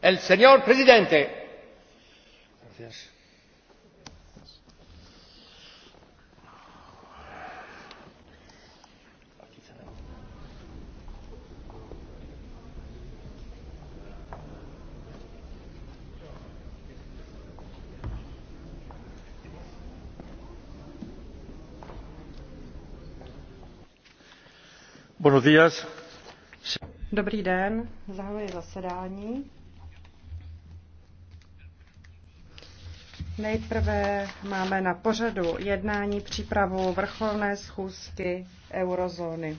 El señor presidente. Dobrý den, zahajuji zasedání. Nejprve máme na pořadu jednání přípravu vrcholné schůzky eurozóny.